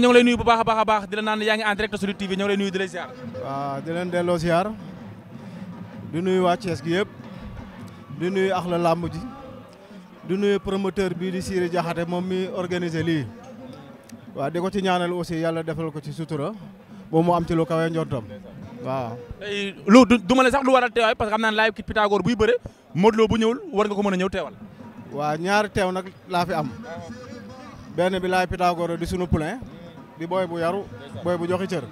ñoo ngi lay nuyu bu baax a baax a baax di la naan yaa ngi en direct sur Lutte TV ñoo lay nuyu di la ziar. waaw di leen delloo ziar di nuyu waa Thiès gi yëpp di nuyu ak la làmb ji di nuyu promoteur bii di Siré Diakhaté moom mi organiser lii waaw di ko ci ñaanal aussi yàlla defal ko ci sutura ba mu am ci lu kawe njortam waa tey du ma ne sax lu waral teewaay parce que am naa ne laay kit buy bëre Modou Lo bu ñëwul war nga ko mën a ñëw teewal. waa ñaari teew nag laa fi am bi laay Pythagore di di booy bu yaru booy bu joxe cër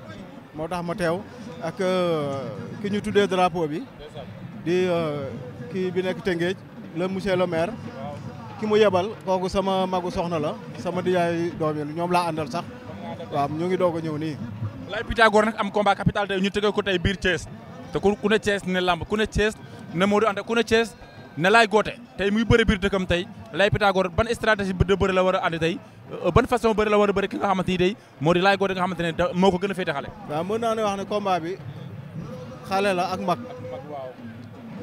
moo tax ma teew ak euh, ki ñu tuddee drapeau bi di euh, kii bi nekk Tëngéej le monsieur le maire ki mu yebal kooku sama magu soxna la sama diyaay doom yi ñoom laa àndal sax waaw ñu ngi doog a ñëw nii. Laye Pythagore nag am combat capital tey ñu tëggal ko tey biir Thiès te ku ne Thiès ne lamb ku ne Thiès ne Modou Anta ku ne ne laay goote tey muy bëri biir dëkkam tey lay Pythagore ban stratégie de bëri la war a ànd tey euh, ban façon bëri la war a bëri ki nga xamante ni moo di laay goote nga xamante ne moo ko gën a féete xale. waaw mën naa ne wax ne combat xale la ak mag.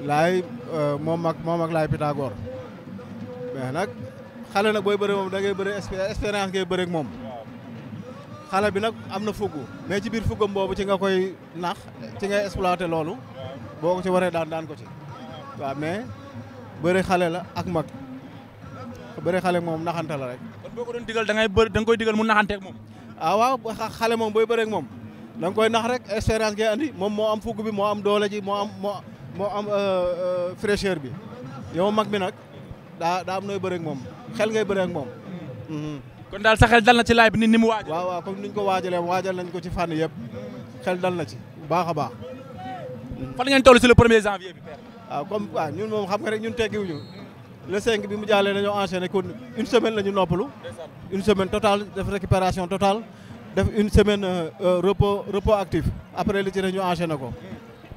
laay euh, moo mag moom ak laay Pythagore mais nag xale nag booy bëri moom da ngay bëri expérience ngay bëri moom. xale bi nag am na fugg mais ci biir fuggam boobu ci nga koy nax ci ngay exploité loolu boo ko ci waree daan ko ci bëri xale la ak mag bëri xale moom naxante la rek. kon boo ko doon digal da ngay da nga koy digal mu naxanteeg moom. ah waaw xale moom booy bëreeg moom danga koy nax rek expérience ngay andi moom moo am fugg bi moo am doole ji moo am moo moo am euh, euh, fraîcheur bi yow mag bi nag daa daa am nooy bëreeg moom xel nga bëreeg moom. Mm-hmm. kon daal sa xel dal na ci laay bi ni ni mu waajal. waaw waaw comme ñu ko waajalee waajal nañ ko ci fànn yëpp xel dal na ci baax a baax. fan ngeen toll si le premier janvier bi. waaw comme waa ñun moom xam nga rek ñun teggiwuñu le 5 bi mu jàllee dañoo enchaîné kon une semaine la ñu noppalu. une semaine total def récupération totale def une semaine euh, euh, repos repos actif après li ci rek ñu enchaîné ko.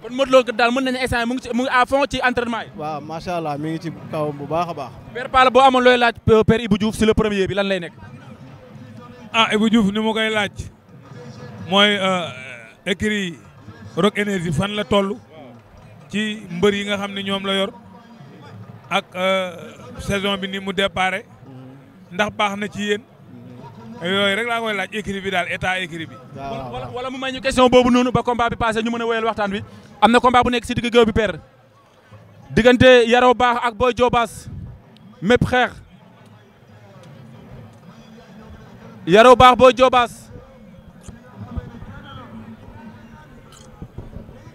kon Modou Lo daal mën nañ instant mu ngi ci mu ngi ci entraînement yi. waaw macha allah mi ngi ci kawam bu baax a baax. Père Palla boo amoon looy laaj euh, Père Ibou Diouf si le premier bi lan lay nekk. ah Ibou Diouf ni ma koy laaj mooy écrit Rock Énergie fan la toll. ci mbër yi nga xam ne ñoom la yor ak euh, saison bi ni mu déparé ndax baax na ci yéen yooyu rek laa koy laaj écrit bi daal état écrit bi. wala mu may ñu question boobu noonu ba combat bi passé ñu mën a waxtaan bi am na combat bu nekk si digg géew bi père diggante Yaro Baax ak Boy Jobaas mépp xeex Yaro Baax Boy Jobaas.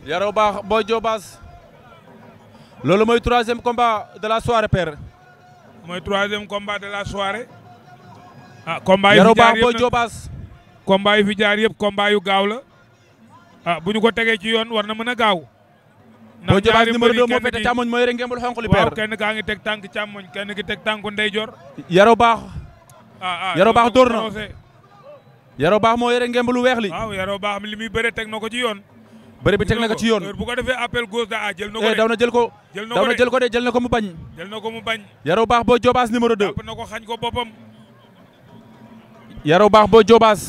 Yaro Baax Boy loolu mooy troisième combat de la soirée père. mooy troisième combat de la soirée. ah combat yu fi jaar yëpp booy Jobaas. combat jaar yëpp combat yu gaaw la. ah bu ñu ko tegee ci yoon war na mën a gaaw. boo Jobaas numéro 2 moo fete càmmoñ moo yore ngembul xonq li père. kenn kaa ngi teg tànk càmmoñ kenn ki teg tànku ndeyjoor. yaroo baax. ah ah yaroo baax dóor na yaroo baax moo yore ngembul weex li. waaw yaroo baax li muy bëre teg na ko ci yoon. bëri bi teg na ko ci yoon bu ko defee appel gauche da a eh, jël na ko daw na jël ko daw na jël ko de jël na ko mu bañ jël na ko yaroo baax boo joobaas numéro 2 ko xañ ko boppam yaroo baax boo joobaas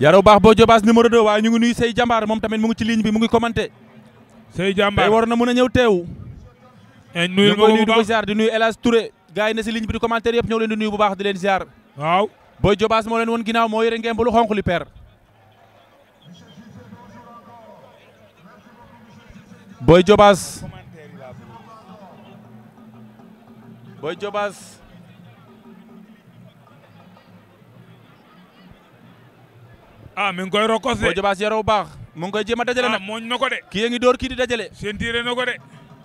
yaroo baax boo joobaas numéro 2 waaye ñu ngi nuyu say jàmbaar moom tamit mu ngi ci ligne bi mu ngi commenté say jàmbaar war na a ñëw teew eh, nuyu ko nuyu di ko ziar di nuyu El Hadj Touré gars ne si ligne bi di commentaire yëpp ñëw leen di nuyu bu baax di leen ziar waaw boo joobaas moo leen woon ginnaaw moo yore ngeen bu lu xonq Boy Diobass Boy Diobass ah baax mu ngi koy jéem a dajale ah, nag mooñ na ko de kii ngi door kii di dajale seen tiire na de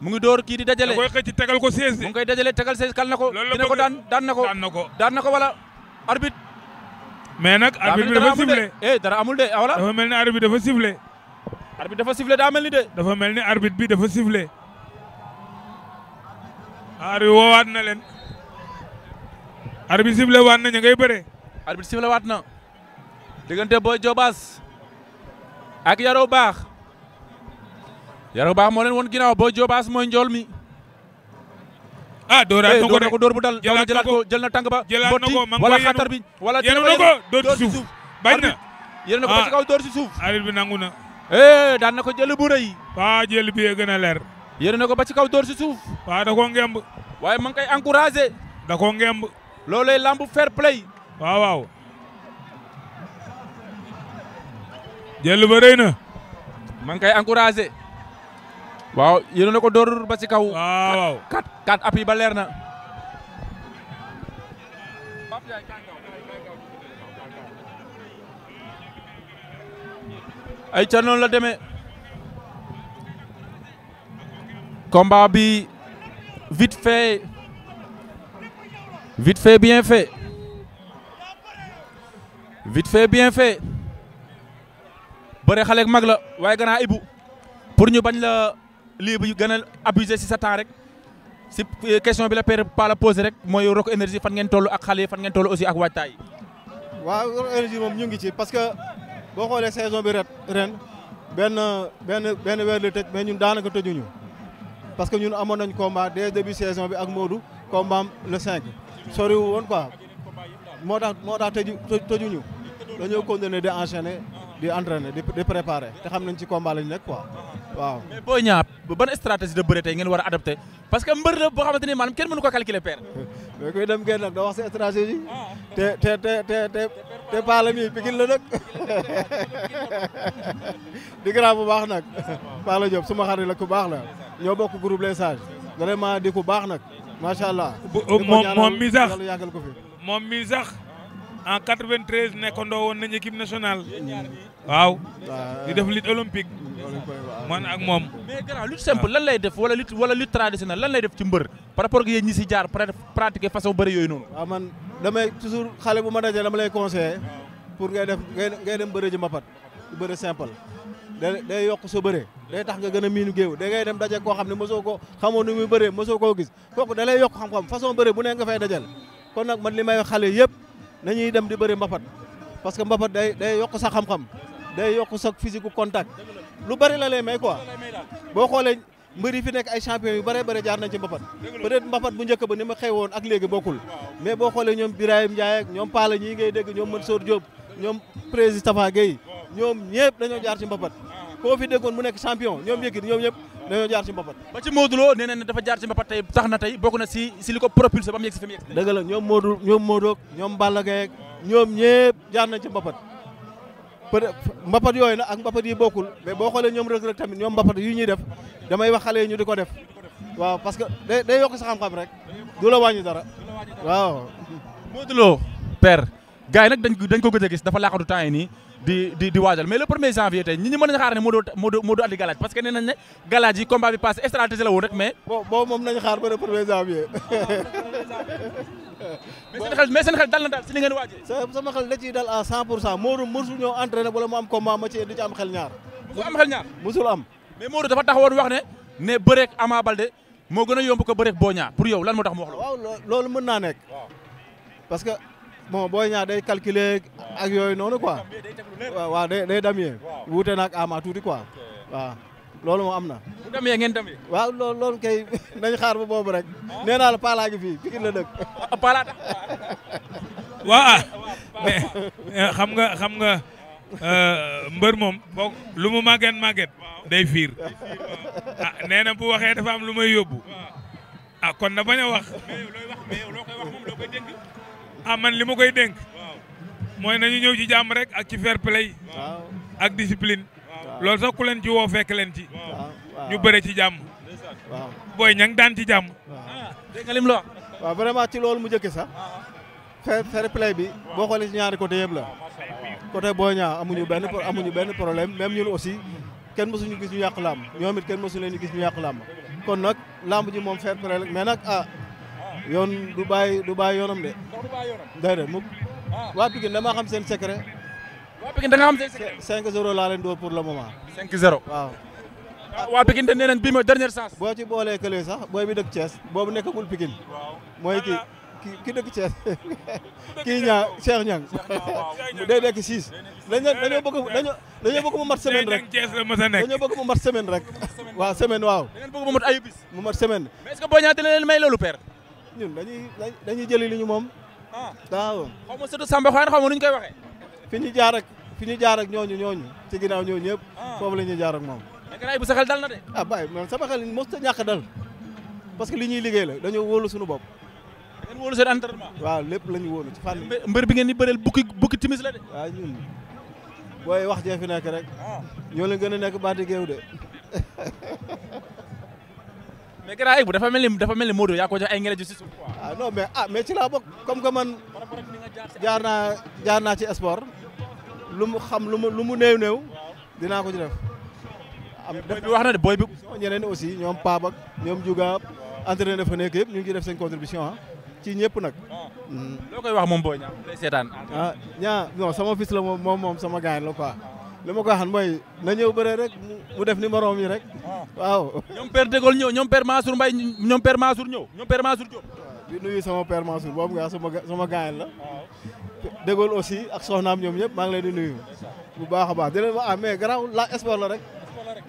mu ngi door kii di dajale da koy tegal ko seize mu ngi koy dajale tegal seize kal na ko dina ko daan daan na ko daan na ko daan na ko wala arbitre mais nag arbitre bi dafa sifflé dara amul de wala eh, ah, dafa mel ne arbitre bi arbitre dafa sifflé daa mel ni de. dafa mel ni arbitre bi dafa sifflé. arbitre woowaat na leen. arbitre sifflé waat na ñu ngay bëree. arbitre sifflé waat na. diggante Boy Diobass ak Yaro Baax. Yaro Baax moo leen woon ginnaaw Boy Diobass mooy njool mi. Ah, a dooraat na ko de bu dal jëlaat na ko jël na tàng ba. jëlaat na ko bi. wala na ko dóor ci na. Ah. yéen a ko ba ci kaw dóor ci bi nangu na. daan na ko jël bu rëy. waa gën a leer. yéene na ko ba ci kaw dóor si suuf. waa da koo ngemb. waaye ma ngi koy encouragé. da koo ngemb. loolay lamb fair play. waaw na. ma ngi koy encouragé. waaw yéene na ko dóor ba ci kaw. waaw kat kat appui ba leer na. ay ca noonu la demee combat bi vite fait vite fait bien fait vite fait bien fait bëre xale ak mag la waaye gannaaw ibu pour ñu bañ la lii bu gën a abusé si sa temps rek si euh, question bi la père pas la posé rek mooy Rock Énergie fan ngeen toll ak xale yi fan ngeen toll aussi ak waajtaay. waaw Rock Énergie moom ñu ngi parce que. boo xoolee saison bi ret ren benn benn benn weer la tëj mais ñun daanaka tëjuñu parce que ñun amoon nañ combat dès début saison bi ak Modou combat am le 5 soriwu woon ko moo tax moo tax tëju tëjuñu dañoo continuer di enchaîner di entraîner di préparer te xam nañ ci combat lañ nekk quoi. waaw mais Boy Niang ban stratégie de bëre tey ngeen war a adopté parce que mbër la boo xamante ni maanaam kenn mënu ko calculer père. mais kuy dem kenn nag da wax sa ah. te te te te te te paala mi Pikine la nag. di grand bu baax nag. Paala Diop suma xarit la ku baax la ñoo bokk groupe Les Sages vraiment di ku baax nag macha allah. moom moom mi sax moom mi sax. en 93 nekkandoo woon nañu équipe nationale. waaw. di def lutte olympique. man ak moom. mais grand lutte simple lan lay def wala lutte wala lutte traditionnelle lan lay def ci mbër. par rapport ak yéen ñi si jaar pratiquer façon bëri yooyu noonu. waaw man damay toujours xale bu ma dajee dama lay conseiller pour ngay def ngay dem bëri ji mbapat bëri simple. day day yokk sa bëree day tax nga gën a miinu géew da ngay dem daje koo xam ne mosoo koo xamoo nu muy bëree mosoo koo gis kooku da yokk xam-xam façon bëree bu ne nga fay dajal kon nag man li may xale yëpp. na nañuy dem di bëri mbapat parce que mbapat day day yokk sa xam-xam day yokk sax physique gu contact lu bëri la lay may quoi boo xoolee mbër fi nekk ay champion yu bëree bëri jaar nañ ci mbapat peut-être mbapat bu njëkk ba ni ma xewoon ak léegi bokkul mais boo xoolee ñoom Birahim Ndiaye ak ñoom Pala ñii ngay dégg ñoom Mansour Diop ñoom président Tafa Gueye ñoom ñëpp dañoo jaar ci mbapat koo fi déggoon mu nekk champion ñoom Yékini ñoom ñëpp dañoo jaar ci mbapat ba ci Modou Lo nee na dafa jaar ci mbapat tey tax na tey bokk na si si li ko propulsé ba mu yegg si fi ñoom Modou ñoom Modou ñoom Balla Gaye ñoom ñëpp jaar nañ ci mbapat peut mbapat yooyu na ak mbapat yi bokkul mais boo xoolee ñoom rek rek tamit ñoom mbapat yi ñuy def damay wax xale yi ñu di ko def waaw parce que day yokk sa xam-xam rek du la wàññi dara waaw Modou Lo père gars yi nag dañ ko gëj gis dafa laaxatu temps yi nii di di di waajal mais le premier janvier tey ñi ñi mën nañu xaar ne Modou Modou Modou andi galaaj parce que nee nañ ne galaaj yi combat bi passé stratégie la woon rek mais. boobu moom nañu xaar ba le premier janvier. mais seen xel dal na daal si li ngeen waajee. sama xel da ciy dal à 100 pour cent Modou mosul ñoo entraîné wala mu am combat ma ci di ci am xel ñaar. mosul am am. mais Modou dafa taxawoon wax ne ne bëreeg Ama Balde moo gën a yomb ko bëreeg Boña pour yow bon booy ñaa day calculer ak yooyu noonu quoi waaw day day damyee wuute na ak Ama tuuti quoi waaw am na. bu damyee ngeen damyee. waaw loolu kay nañ xaar ba boobu rek ah. nee naa la Pala gi fii Pikine la dëkk. Pala xam nga xam nga euh, mbër moom boo lu mu màgget màgget day fiir ah nee na bu waxee dafa am lu may yóbbu ah kon na bañ wax. ah man li ma koy dénk. mooy nañu ñëw ci jàmm rek ak ci fair play ak discipline. lool sax ku leen ci woo fekk leen ci. ñu bëre ci jàmm. booy ña daan ci jàmm. dégg nga lim la ci loolu mu njëkk sax. fair play bi boo xoolee ñaari côté yëpp la. côté booy ñaa amuñu benn amuñu benn problème même ñun aussi kenn mësuñu gis ñu yàq làmb ñoom it kenn mësu leen ñu gis yàq làmb kon nag làmb ji moom fair play mais nag ah yoon du bàyyi du bàyyi yoonam de. ndax du bàyyi yoonam. déedéet mu ah. waa Pikine damaa xam seen secret. waa Pikine da nga xam seen secret. 5 le moment. 5 0 waaw. Ah, waa Pikine dañ ne leen bii mooy dernière boo ci boolee kële sax booy bi dëkk Thiès boobu nekkagul mooy ah, kii ki ki dëkk Thiès kii ñaa Cheikh Niang. day nekk 6. dañoo dañoo bëgg dañoo dañoo bëgg mu mat semaine rek dañoo bëgg mu mat semaine rek. waaw semaine waaw. ñun dañuy dañuy jëli li ñu moom. Ah. waaw. xaw ma surtout Samba Xawaan xaw ma nu ñu koy waxee. fi ñu jaar fi ñu jaar ak ñooñu ñooñu ci ginnaaw ñooñu ñëpp. Ah. foofu la ñuy jaar ak moom. bu sa xel dal na de. ah bàyyi man sama xel mosut a ñàkk dal parce que li ñuy liggéey la dañoo wóolu suñu bopp. ngeen wóolu seen entraînement. waaw lépp la ñu wóolu ci fànn. mbër bi ngeen di bëreel bukki bukki timis la de. waaw ñun booy wax jee fi nekk rek. Ah. ñoo leen gën a nekk baati géew de mais gannaaw Ibou eh, dafa mel ni dafa mel ni Modou yaa ko jox ay ngelaw ji si suuf quoi. ah non mais ah ci laa bokk comme jaar naa jaar naa ci sport lu mu xam lu mu lu mu néew néew dinaa ko ci def. am booy bi wax na de booy bi. ñeneen aussi ñoom Pape ak ñoom Juga entraîneur dafa nekk yëpp ñu ngi def seen contribution ah ci ñëpp nag. Ah. Hmm. loo koy wax moom booy ñaa lay seetaan. ah ñaa sama fils la moom moom sama gaañ la quoi li ma koy waxan mooy na ñëw bëre rek mu def numéro yi rek. waaw. ñoom père Dégol ñëw ñoom père Mansour Mbaye ñoom père Mansour ñëw ñoom père Mansour Diop. di nuyu sama père Mansour boobu nga sama sama gaayen la. Dégol aussi ak soxnaam ñoom ñëpp maa ngi leen di nuyu. bu baax a baax di leen wax ah mais la espoir la rek.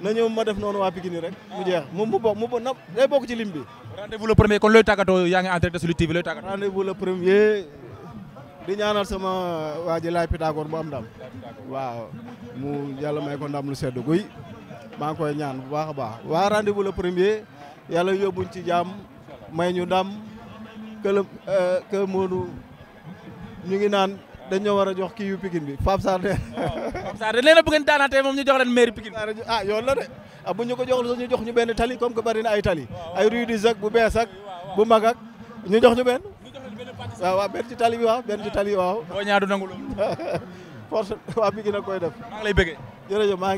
na ñëw ma def noonu waa Pikine rek. mu jeex moom mu bokk mu bokk na bokk ci lim bi. rendez premier kon looy tàggatoo yaa ngi en direct sur TV looy tàggatoo. rendez-vous premier. di ñaanal sama waa ji laay Pythagore bu am ndam. waaw mu yàlla may ko ndam lu sedd guy. maa ngi koy ñaan bu baax a baax waa rendez-vous le premier yàlla yóbbuñ ci jàmm may ñu ndam këla euh, kë moonu ñu ngi naan dañoo war a jox kii yu Pikine bi Pape Sarr de Pape Sarr de na bu ngeen daanaatee moom ñu jox leen mairie Pikine a ah, yoon la de ah bu ñu ko joxul sax ñu jox ñu benn tali comme que bari na ay tali ay rue du Zac bu bees ak bu mag ak ñu jox ñu benn waaw waaw benn ci tali bi waaw benn ci tali bi force waa Pikine koy def